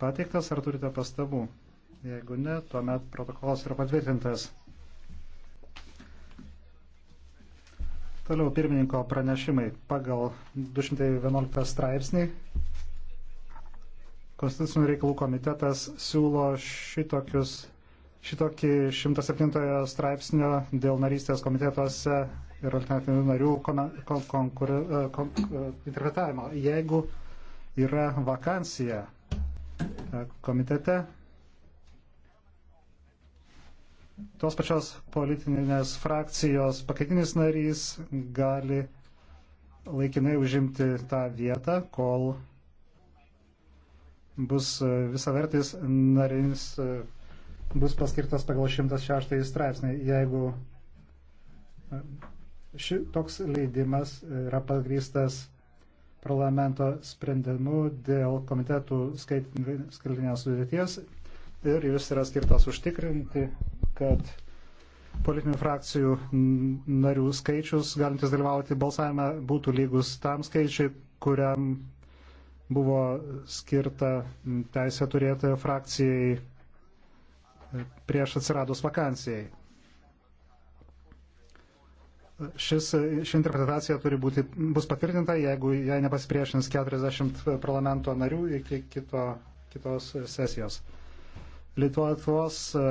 pateiktas, ar turite pastabų? Jeigu ne, tuomet protokolas yra patvirtintas. Toliau pirmininko pranešimai pagal 211 straipsnį. Konstitucinių reikalų komitetas siūlo šitokius, šitokį 107 straipsnio dėl narystės komitetuose ir alternatyvių narių kon, kon, kon, kon, kon, interpretavimo. Jeigu yra vakancija komitete. Tos pačios politinės frakcijos pakaitinis narys gali laikinai užimti tą vietą, kol bus visavertis narys bus paskirtas pagal 106 straipsnį. Jeigu e, ši, toks leidimas yra pagrįstas parlamento sprendimu dėl komitetų skaitinės sudėties ir jis yra skirtas užtikrinti, kad politinių frakcijų narių skaičius, galintis dalyvauti balsavime, būtų lygus tam skaičiui, kuriam buvo skirta teisė turėti frakcijai prieš atsiradus vakancijai šis, ši interpretacija turi būti, bus patvirtinta, jeigu jai nepasipriešins 40 parlamento narių iki kito, kitos sesijos. Lietuvos e,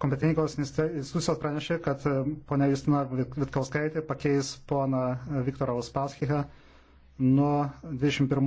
kompetentinkos institucijos pranešė, kad e, ponia Justina Vitkauskaitė pakeis poną Viktorą Uspaskichą nuo 21.